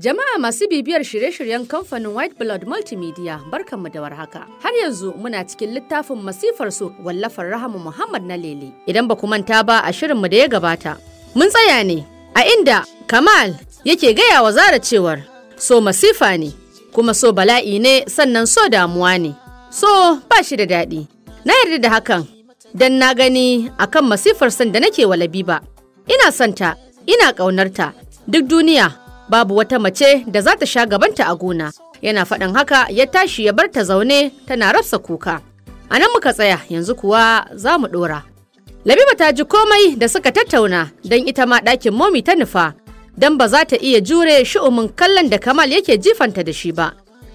Jama'a masu bibiyar shirye-shiryen kamfanin White Blood Multimedia barkanmu da warhaka. Har yanzu muna cikin littafin masifar su wallafar Rahama Muhammad na Lele. Idan ba ku manta ba a shirinmu da ya gabata. Mun tsaya ne a inda Kamal yake gaya wa Zara cewar so masifa ne kuma so bala'i ne sannan so damuwa ne. So ba shi da daɗi. Na yarda da hakan dan na gani akan masifar san da nake walabi ba Ina santa, ina ƙaunarta, duk duniya babu wata mace da za ta sha gabanta a gona yana faɗin haka ya tashi ya bar ta zaune tana rafsa kuka a nan muka tsaya yanzu kuwa za mu ɗora labiba ta ji komai da suka tattauna don ita ma ɗakin momi ta nufa don ba za ta iya jure shi'umin kallon da kamal yake jifanta da shi ba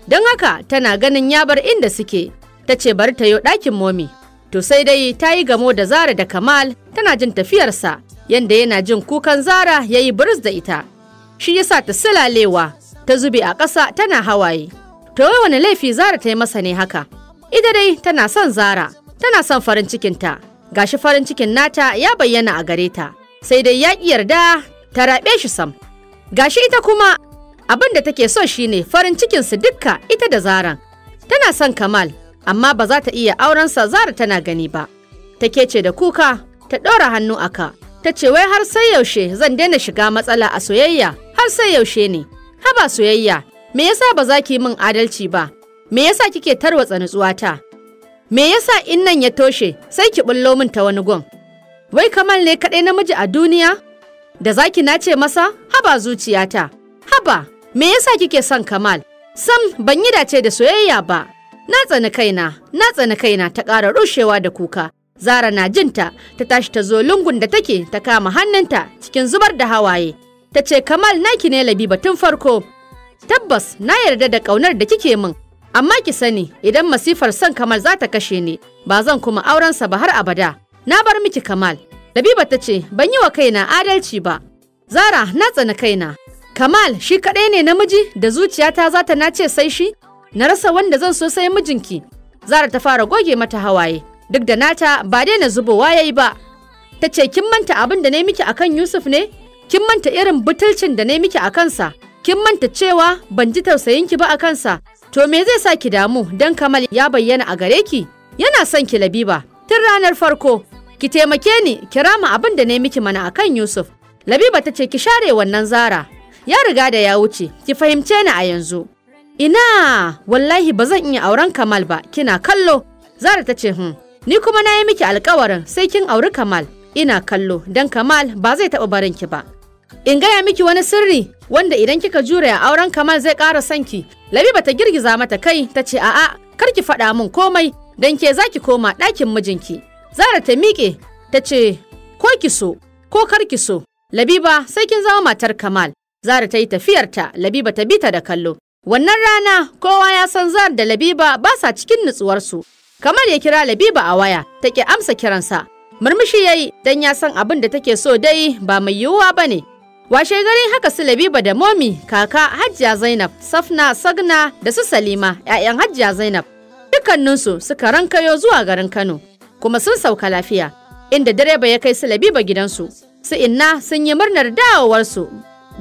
don haka tana ganin ya bar inda suke ta ce bari ta yi ɗakin momi to sai dai ta yi gamo da zara da kamal tana jin tafiyarsa yanda yana jin kukan zara ya yi da ita shi sa ta silalewa ta zube a ƙasa tana hawaye. To wai wani laifi Zara ta yi masa ne haka? Ita dai tana son Zara, tana son farin cikinta. Gashi farin cikin nata ya bayyana a gare ta, sai dai ya ƙi yarda ta raɓe shi sam. Gashi ita kuma abin da take so shine farin cikinsu dukka ita da Zaran. Tana son Kamal, amma ba za ta iya aurensa Zara tana gani ba. Ta ce da kuka, ta ɗora hannu aka, ta ce wai har sai yaushe zan daina shiga matsala a soyayya har sai yaushe ne haba soyayya me yasa ba za ki min adalci ba me yasa kike tarwatsa nutsuwata me yasa in nan ya toshe sai ki bullo min ta wani gon wai kamal ne kaɗai namiji a duniya da zaki nace masa haba zuciyata haba me yasa kike son kamal sam ban yi dace da soyayya ba na tsani kaina na tsani kaina ta ƙara rushewa da kuka zara na jinta ta tashi ta zo lungun da take ta kama hannunta cikin zubar da hawaye ta ce kamal naki ne labiba tun farko tabbas na yarda da ƙaunar da kike min amma ki sani idan masifar son kamal za ta kashe ni ba zan kuma aurensa ba har abada na bar miki kamal labiba ta ce ban yi wa kaina adalci ba zara na tsana kaina kamal shi kaɗai ne namiji da zuciyata za ta nace sai shi na rasa wanda zan so sai mijinki zara ta fara goge mata hawaye duk da nata ba dai na zubowa yayi ba ta ce kin manta abin da na miki akan yusuf ne kin manta irin butulcin da ne miki a kansa kin manta cewa ban ji tausayin ki ba a kansa to me zai sa ki damu dan kamal ya bayyana a gare ki yana son ki labiba tun ranar farko ki taimake ni kira mu abin da na miki mana akan yusuf labiba ta ce ki share wannan zara ya riga da ya wuce ki fahimce ni a yanzu ina wallahi ba zan iya auren kamal ba kina kallo zara ta ce hmm. ni kuma na yi miki alkawarin sai kin auri kamal ina kallo dan kamal ba zai taɓa barin ki ba In gaya miki wani sirri wanda idan kika jure a auren Kamal zai ƙara sanki. Labiba ta girgiza mata kai ta ce a'a kar ki faɗa min komai dan ke ki koma ɗakin mijinki. Zara ta miƙe ta ce ko ki so ko kar ki so. Labiba sai kin zama matar Kamal. Zara ta yi tafiyarta Labiba ta bi ta da kallo. Wannan rana kowa ya san Zara da Labiba ba sa cikin nutsuwarsu. Kamal ya kira Labiba a waya ta amsa kiransa. Murmushi ya yi don ya san abin da take so dai ba mai yiwuwa ba ne. Washe garin haka su Labiba da Momi, kaka Hajiya Zainab, Safna Sagna da su Salima, 'ya'yan Hajiya Zainab. Dukkaninsu suka rankayo zuwa garin Kano, kuma sun sauka lafiya, inda direba ya kai su Labiba gidansu. Su inna sun yi murnar dawowarsu,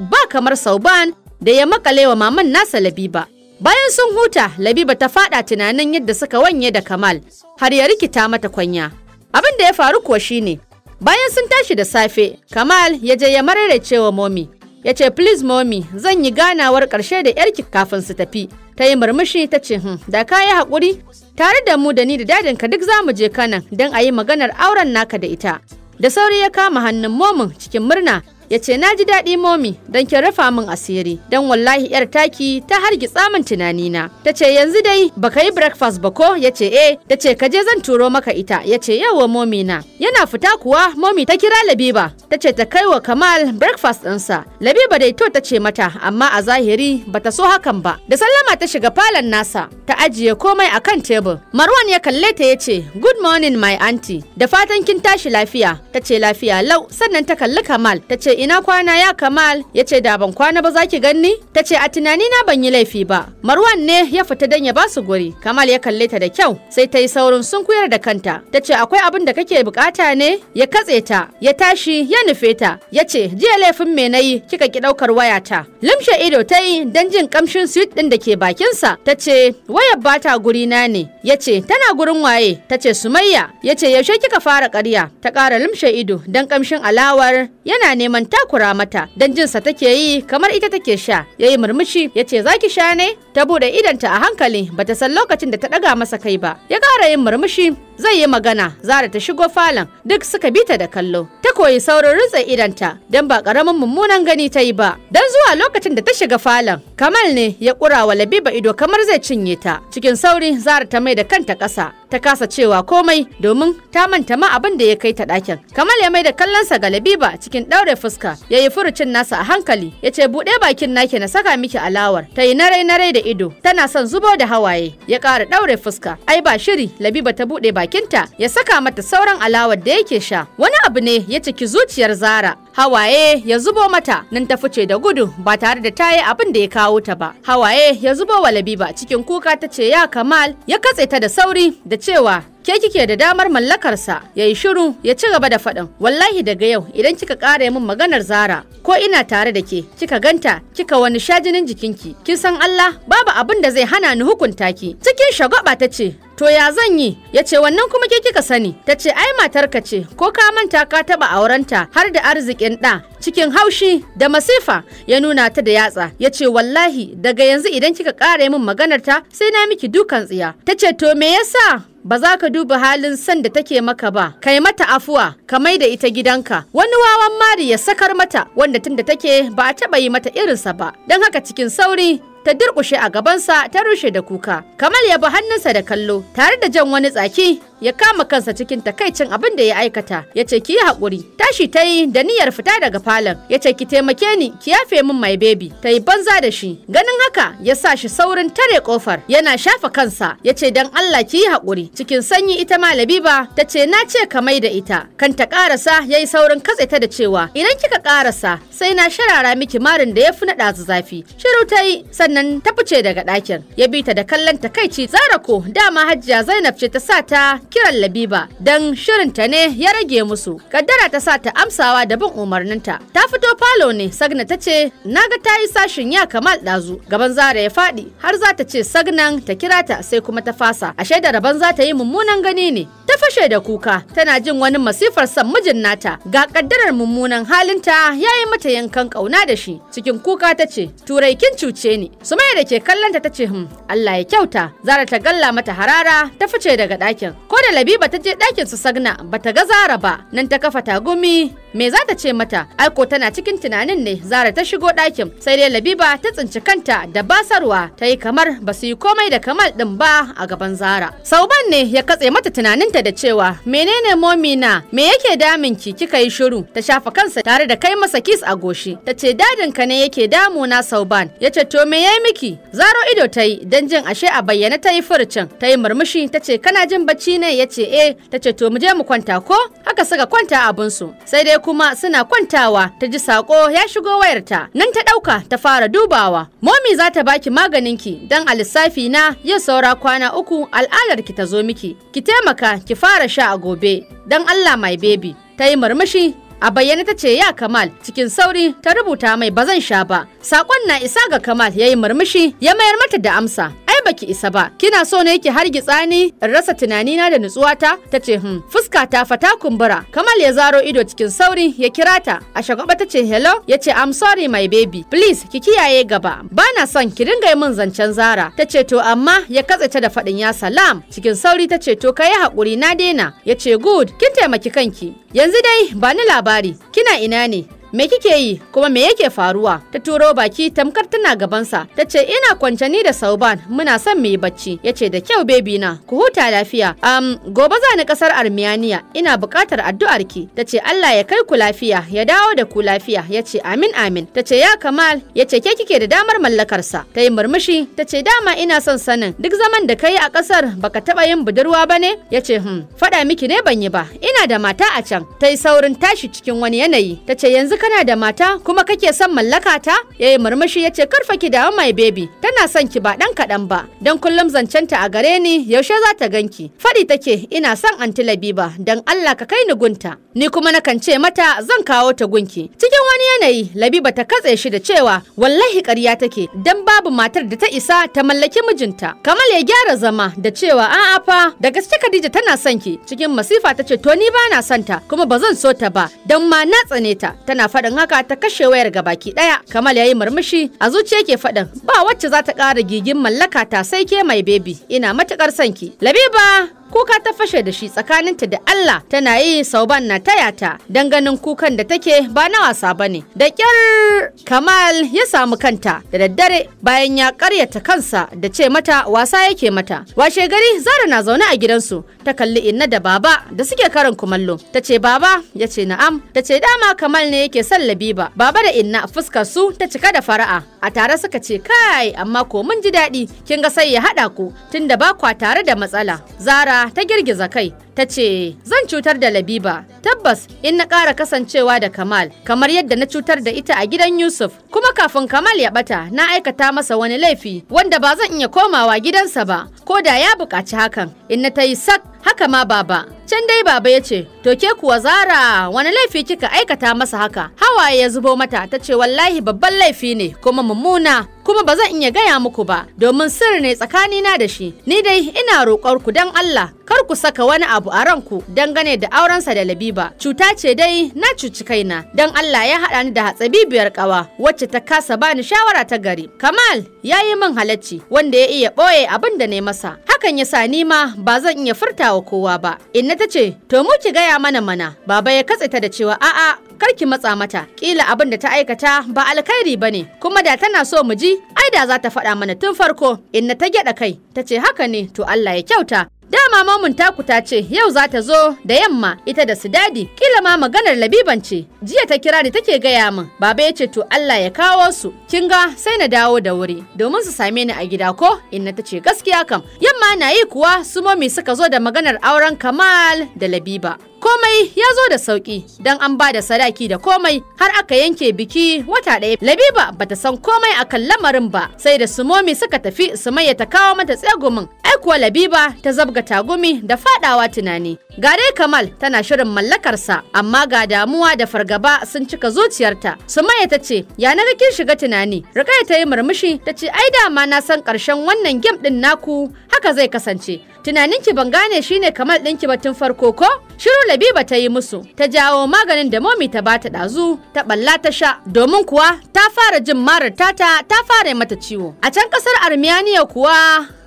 ba kamar Sauban da ya makale wa maman nasa Labiba. Bayan sun huta, Labiba ta faɗa tunanin yadda suka wanye da Kamal, har ya rikita mata kwanya. Abin da ya faru kuwa shine, Bayan sun tashi da safe, Kamal ya je ya marare cewa momi. Ya ce, Please momi, zan yi ganawar ƙarshe da ‘yarki kafin su tafi. Ta yi murmushi ta ce, hmm, da ka yi haƙuri, tare da mu da ni da dadinka duk za mu je kanan don a yi maganar auren naka da ita. Da sauri ya kama hannun momin cikin murna ya ce na ji daɗi momi don ki rufa min asiri don wallahi yar taki ta hargitsa min tunanina ta ce yanzu dai baka yi breakfast ba ko ya ce eh ta ce ka je zan turo maka ita ya ce yawa momi na yana fita kuwa momi ta kira labiba ta ce ta kai wa kamal breakfast ɗinsa labiba dai to ta ce mata amma a zahiri ba ta so hakan ba da sallama ta shiga falon nasa ta ajiye komai a kan tebur marwan ya kalle ta ya ce good morning my aunty da fatan kin tashi lafiya ta ce lafiya lau sannan ta kalli kamal ta ce ina kwana ya Kamal ya ce da ban kwana ba zaki ganni ta ce a tunani na ban yi laifi ba Marwan ne ya fita dan ya ba su guri Kamal ya kalle ta da kyau sai ta yi saurin kuyar da kanta ta ce akwai abin da kake bukata ne ya katse ta ya tashi ya nufe ta ya ce jiya laifin me nayi kika ki daukar ta limshe ido ta yi dan jin kamshin sweet din da ke bakinsa ta ce wayar bata guri na ne ya ce tana gurin waye ta ce Sumayya ya ce yaushe kika fara karya ta kara limshe ido dan kamshin alawar yana neman takura mata don jinsa take yi kamar ita take sha ya yi murmushi yace ce za ki sha ne ta bude idanta a hankali bata san lokacin da ta ɗaga masa kai ba ya kara yin murmushi zai yi magana zara ta shigo falon duk suka bi ta da kallo ta koyi saurin rutsa idanta don ba karamin mummunan gani ta yi ba don zuwa lokacin da ta shiga falon kamal ne ya kura wa labiba ido kamar zai cinye ta cikin sauri zara ta mai da kanta ƙasa ta kasa cewa komai domin ta manta ma abin da ya kai ta ɗakin kamal ya mai da kallonsa ga labiba cikin ɗaure fuska ya yi furucin nasa a hankali ya ce buɗe bakin naki na saka miki alawar ta yi narai narai da ido tana son zubo da hawaye ya ƙara ɗaure fuska ai ba shiri labiba ta buɗe ba bakinta ya saka mata sauran alawar da yake sha wani abu ne ya ciki zuciyar zara hawaye ya zubo mata nan ta fice da gudu ba tare da ta yi abin da ya kawo ta ba hawaye ya zubo wa labiba cikin kuka ta ce ya kamal ya katse ta da sauri da cewa ke kike da damar mallakarsa ya yi shiru ya ci gaba da faɗin wallahi daga yau idan kika ƙara min maganar zara ko ina tare da ke kika ganta kika wani shajinin jikinki kin san Allah babu abin da zai hana ni hukunta ki cikin shagwaba ta ce to ya zan yi ya ce wannan kuma ke kika sani ta ce ai matarka ce ko ka manta ka taba aurenta har da arzikin ɗa cikin haushi da masifa ya nuna ta da yatsa ya ce wallahi daga yanzu idan kika ƙara min maganarta, sai na miki dukan tsiya ta ce to me yasa ba za ka duba halin san da take maka ba kai mata afuwa ka mai da ita gidanka wani wawan mari ya sakar mata wanda tunda take ba a taba yi mata irinsa ba don haka cikin sauri ta durƙushe a gabansa ta rushe da kuka kamal ya bi hannunsa da kallo tare da jan wani tsaki ya kama kansa cikin takaicin abin da ya aikata ya ce ki yi tashi ta yi da niyyar fita daga falon ya ce ki taimake ni ki yafe min mai bebi ta yi banza da shi ganin haka ya sa shi saurin tare kofar yana shafa kansa ya ce dan Allah ki yi haƙuri cikin sanyi ita ma Labiba ta ce na ce ka mai da ita kanta ƙarasa ya yi saurin katse ta da cewa idan kika ƙarasa sai na sharara miki marin da ya fi naɗa zafi shiru ta yi sannan ta fice daga ɗakin ya bi ta da kallon takaici zara ko dama hajjia Zainab ce ta sa ta kiran Labiba don shirinta ne ya rage musu. Kaddara ta sa ta amsawa da bin umarninta. Ta fito falo ne Sagna ta ce na ga ta yi sashin ya kamal ɗazu. Gaban Zara ya faɗi har za ta ce Sagnan ta kira ta sai kuma ta fasa. A shaida rabon za ta yi mummunan gani ne. Ta fashe da kuka tana jin wani masifar san mijin nata ga kaddarar mummunan halinta ya yi mata yankan kauna da shi cikin kuka ta ce turai kin cuce ni sumaya da ke kallonta ta ce hmm Allah ya kyauta zara ta galla mata harara ta fice daga ɗakin ko da labiba ta je ɗakin su sagna ba ta ga zara ba nan ta kafa tagumi me za ta ce mata aiko tana cikin tunanin ne zara ta shigo ɗakin sai dai labiba ta tsinci kanta da basarwa ta yi kamar ba su yi komai da kamal ɗin ba a gaban zara sauban ne ya katse mata tunaninta da cewa menene momina me yake ki kika yi shiru ta shafa kansa tare da kai masa kis a goshi ta ce ka ne yake damu na sauban ya ce to me yayi miki zaro ido ta yi don jin ashe a bayyana ta yi furcin ta yi murmushi ta ce kana jin bacci ne ya ce e ta ce to mu je mu kwanta ko haka suka kwanta abun su sai dai kuma suna kwantawa ta ji sako ya shigo wayarta nan ta ɗauka ta fara dubawa momi za ta baki maganinki don a lissafi na yau saura kwana uku al'adar ki ta zo miki ki taimaka ki fara sha a gobe don Allah mai bebi ta yi murmushi a bayyana ta ce ya kamal cikin sauri ta rubuta mai bazan sha ba sakon na isa ga kamal ya yi murmushi ya mayar mata da amsa baki isa ba kina so ne ki har gitsani in rasa tunani na da nutsuwata ta ce hm fuska ta fata kumbura kamal ya zaro ido cikin sauri ya kira ta a shagwaba ta ce hello ya ce i'm sorry my baby please ki kiyaye gaba bana son ki dinga yi zancen zara ta ce to amma ya katse ta da faɗin ya salam cikin sauri ta ce to ka yi haƙuri na daina ya ce good kin taimaki kanki yanzu dai ba ni labari kina ina ne me kike yi kuma me yake faruwa ta turo baki tamkar tana gabansa ta ce ina kwance ni da sauban muna son mu yi bacci Yace da kyau bebi na ku huta lafiya um, gobe za ni kasar armiyaniya ina buƙatar addu'arki ta ce allah ya kai ku lafiya ya dawo da ku lafiya Yace ce amin amin ta ce ya kamal ya ce ke kike da damar mallakarsa ta yi murmushi ta ce dama ina son sanin duk zaman da ka yi a kasar baka taba yin budurwa ba ne ya ce hmm faɗa miki ne ban yi ba ina da mata a can ta yi saurin tashi cikin wani yanayi ta ce yanzu kana da mata kuma kake son mallaka ta? yayi murmushi ya karfa ki dawo mai baby tana son ki ba dan kadan ba. dan kullum zancenta a gare ni yaushe za ta ganki. Faɗi take ina son anti Labiba dan Allah ka kai ni gunta. Ni kuma nakan ce mata zan kawo ta gunki. Cikin wani yanayi Labiba ta katse shi da cewa wallahi ƙarya take dan babu matar da ta isa ta mallaki mijinta. Kamal ya gyara zama da cewa a'a fa da gaske Khadija tana son ki. Cikin masifa ta ce to ni ba na son ta kuma ba zan so ta ba dan ma na tsane ta tana faɗin haka ta kashe wayar ga baki ɗaya kamal yayi murmushi a zuciya ke faɗin ba wacce za ta ƙara gigin mallaka ta sai ke mai bebi ina matuƙar son ki labiba kuka ta fashe da shi tsakaninta da Allah tana yi sauban na taya ta dan ganin kukan da take ba na wasa ba ne. da kyar Kamal ya samu kanta da daddare bayan ya karyata kansa da ce mata wasa yake mata washe gari Zara na zaune a gidansu ta kalli inna da baba da suke karin kumallo ta ce baba ya ce na'am ta ce dama Kamal ne yake son Labiba baba da inna fuskar su ta cika da fara'a a tare suka ce kai amma ko mun ji daɗi kin ga sai ya haɗa ku tunda ba kwa tare da matsala Zara ta girgiza kai ta ce zan cutar da Labiba tabbas in na ƙara kasancewa da Kamal kamar yadda na cutar da ita a gidan Yusuf kuma kafin Kamal ya bata na aikata masa wani laifi wanda ba zan iya komawa gidansa ba ko da ya buƙaci hakan in na ta yi sak haka ma baba can dai baba ya ce to ke kuwa zara wani laifi kika aikata masa haka hawaye ya zubo mata ta ce wallahi babban laifi ne kuma mummuna kuma ba zan iya gaya muku ba domin sirri ne tsakanina da shi ni dai ina roƙar ku dan Allah kar ku saka wani abu a ranku dangane da aurensa da Labiba. Cuta ce dai na cuci kaina don Allah ya haɗa ni da hatsabibiyar ƙawa wacce ta kasa bani shawara ta gari. Kamal ya yi min halacci wanda ya iya ɓoye abin da na masa. Hakan ya sa ni ma ba zan iya furta wa kowa ba. Inna ta ce, to mu ki gaya mana mana. Baba ya katse ta da cewa a'a kar ki matsa mata kila abin da ta aikata ba alkhairi ba ne kuma da tana so mu ji ai da za ta faɗa mana tun farko inna ta gyaɗa kai ta ce haka ne to Allah ya kyauta Dama mamun taku ta ce yau za ta zo da yamma ita da su dadi kila ma maganar labiban ce. Jiya ta kira ni take gaya min. Baba ya ce to Allah ya kawo su. Kin ga sai na dawo da wuri domin su same ni a gida ko inna ta ce gaskiya kam. Yamma na yi kuwa su momi suka zo da maganar auren Kamal da Labiba. komai ya zo da sauki don an ba da sadaki da komai har aka yanke biki wata ɗaya labiba bata san komai a kan lamarin ba sai da sumomi suka tafi sumayya ta kawo mata tsegumin ai kuwa labiba ta zabga tagumi da fadawa tunani ga dai kamal tana shirin mallakarsa amma ga damuwa da fargaba sun cika zuciyarta sumayya ta ce ya na kin shiga tunani rikaya ta yi murmushi ta ce ai dama na san ƙarshen wannan gem ɗin naku haka zai kasance tunanin ki ban gane shine kamal ɗinki ba tun farko ko? Shiru Labiba ta yi musu, ta jawo maganin da momi ta bata ɗazu, ta ɓalla ta sha, domin kuwa ta fara jin marar tata ta fara mata ciwo. A can ƙasar Armiyaniya kuwa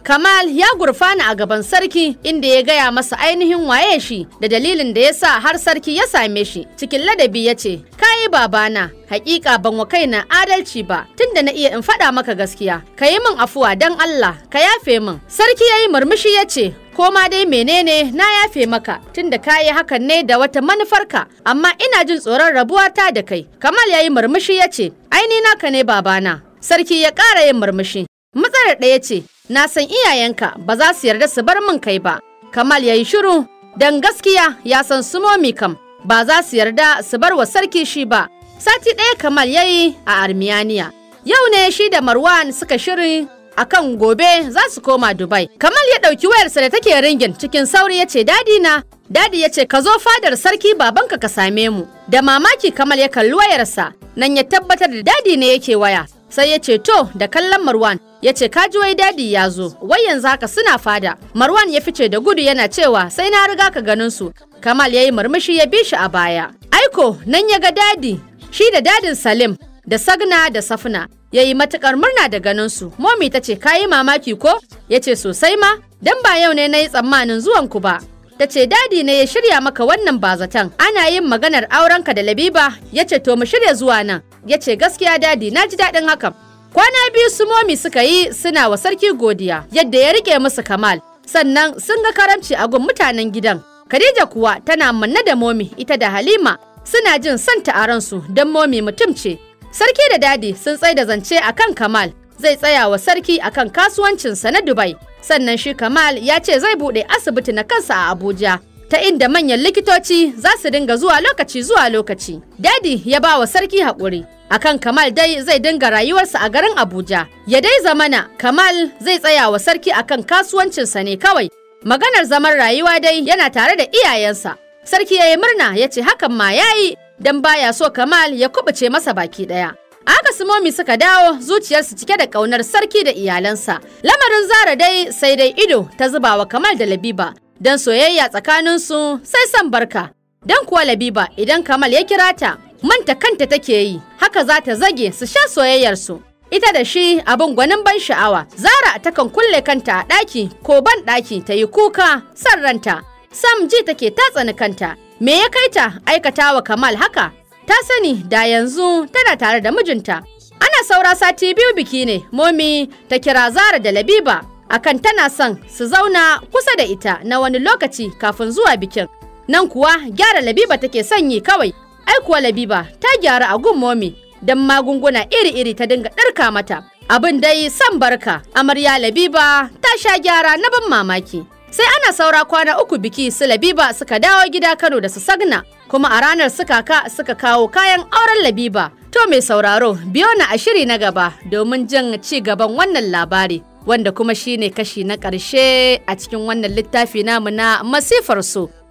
Kamal ya gurfana a gaban sarki inda ya gaya masa ainihin waye shi da dalilin da ya sa har sarki ya same shi cikin ladabi ya ce, Ka yi babana hakika ban wa kaina adalci ba tunda na iya in faɗa maka gaskiya ka yi min afuwa don Allah ka yafe min sarki ya yi murmushi ya ce ko ma dai menene na yafe maka tunda ka yi hakan ne da wata manufarka amma ina jin tsoron rabuwata da kai kamal ya yi murmushi ya ce aini naka ne babana sarki ya ƙara yin murmushi matsalar ɗaya ce na san iyayenka ba za su yarda su bar min kai ba kamal ya yi shiru dan gaskiya ya san sumomi kam ba za su yarda su bar wa sarki shi ba. Sati ɗaya Kamal ya yi a Armiyaniya. Yau ne shi da Marwan suka shirin kan gobe za su koma Dubai. Kamal ya ɗauki wayarsa da take ringin cikin sauri ya ce dadi na. Dadi ya ce ka zo fadar sarki babanka ka same mu. Da mamaki Kamal ya kalli wayarsa nan ya tabbatar da dadi ne yake waya. Sai ya ce to da kallon Marwan ya ce ka ji wai dadi ya zo wai yanzu haka suna fada. Marwan ya fice da gudu yana cewa sai na riga ka ganin su Kamal ya yi murmushi ya bi shi a baya. Aiko nan ya ga dadi, shi da dadin Salim da Sagna da Safna ya yi matukar murna da ganin su. Momi ta ce kayi mamaki ko? Ya ce sosai ma, dan ba yau ne na yi tsammanin zuwan ku ba. Ta ce dadi ne ya shirya maka wannan bazatan. Ana yin maganar aurenka da Labiba, ya ce to mu shirya zuwa nan. Ya ce gaskiya dadi na ji daɗin hakan. Kwana biyu su momi suka yi suna wa sarki godiya yadda ya rike musu kamal. Sannan sun ga karamci a gun mutanen gidan. Khadija kuwa tana manne da momi ita da Halima suna jin son a ransu don momi mutum ce. Sarki da dadi sun tsaye da zance akan Kamal zai tsaya wa sarki akan kasuwancinsa na Dubai. Sannan shi Kamal ya ce zai buɗe asibiti na kansa a Abuja. Ta inda manyan likitoci za su dinga zuwa lokaci zuwa lokaci. Dadi ya ba wa sarki haƙuri. Akan Kamal dai zai dinga rayuwarsa a garin Abuja. Ya dai zamana Kamal zai tsaya wa sarki akan kasuwancinsa ne kawai Maganar zaman rayuwa dai yana tare da iyayensa. Sarki ya yi murna ya ce hakan ma ya yi don baya so Kamal ya kubuce masa baki ɗaya. Aka sumomi suka dawo zuciyarsu cike da ƙaunar sarki da iyalansa. Lamarin Zara dai sai dai ido ta zuba wa Kamal da Labiba don soyayya tsakaninsu sai son barka. Don kuwa Labiba idan Kamal ya kira ta manta kanta take yi haka za ta zage su sha soyayyarsu. Ita da shi abin gwanin ban sha'awa, Zara takan kulle kanta a ɗaki ko ban ɗaki ta yi kuka san ranta. Sam ji take ta tsani kanta, me ya kai ta aikata wa Kamal haka? Ta sani da yanzu tana tare da mijinta. Ana saura sati biyu biki ne, momi ta kira Zara da Labiba akan tana son su zauna kusa da ita na wani lokaci kafin zuwa bikin. Nan kuwa gyara Labiba take son yi kawai, ai kuwa Labiba ta gyara a gun momi don magunguna iri-iri ta dinga ɗarka mata. Abin dai san barka, amarya Labiba ta sha gyara na ban mamaki. Sai ana saura kwana uku biki su Labiba suka dawo gida Kano da su Sagna, kuma a ranar suka ka suka kawo kayan auren Labiba. To mai sauraro, biyo na a shiri na gaba domin jin ci gaban wannan labari. Wanda kuma shi ne kashi na ƙarshe a cikin wannan littafi namu na masifar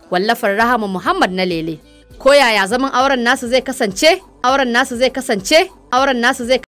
wallafar Rahama Muhammad na Lele. Ko yaya zaman auren nasu zai kasance? auren nasu zai kasance auren nasu zai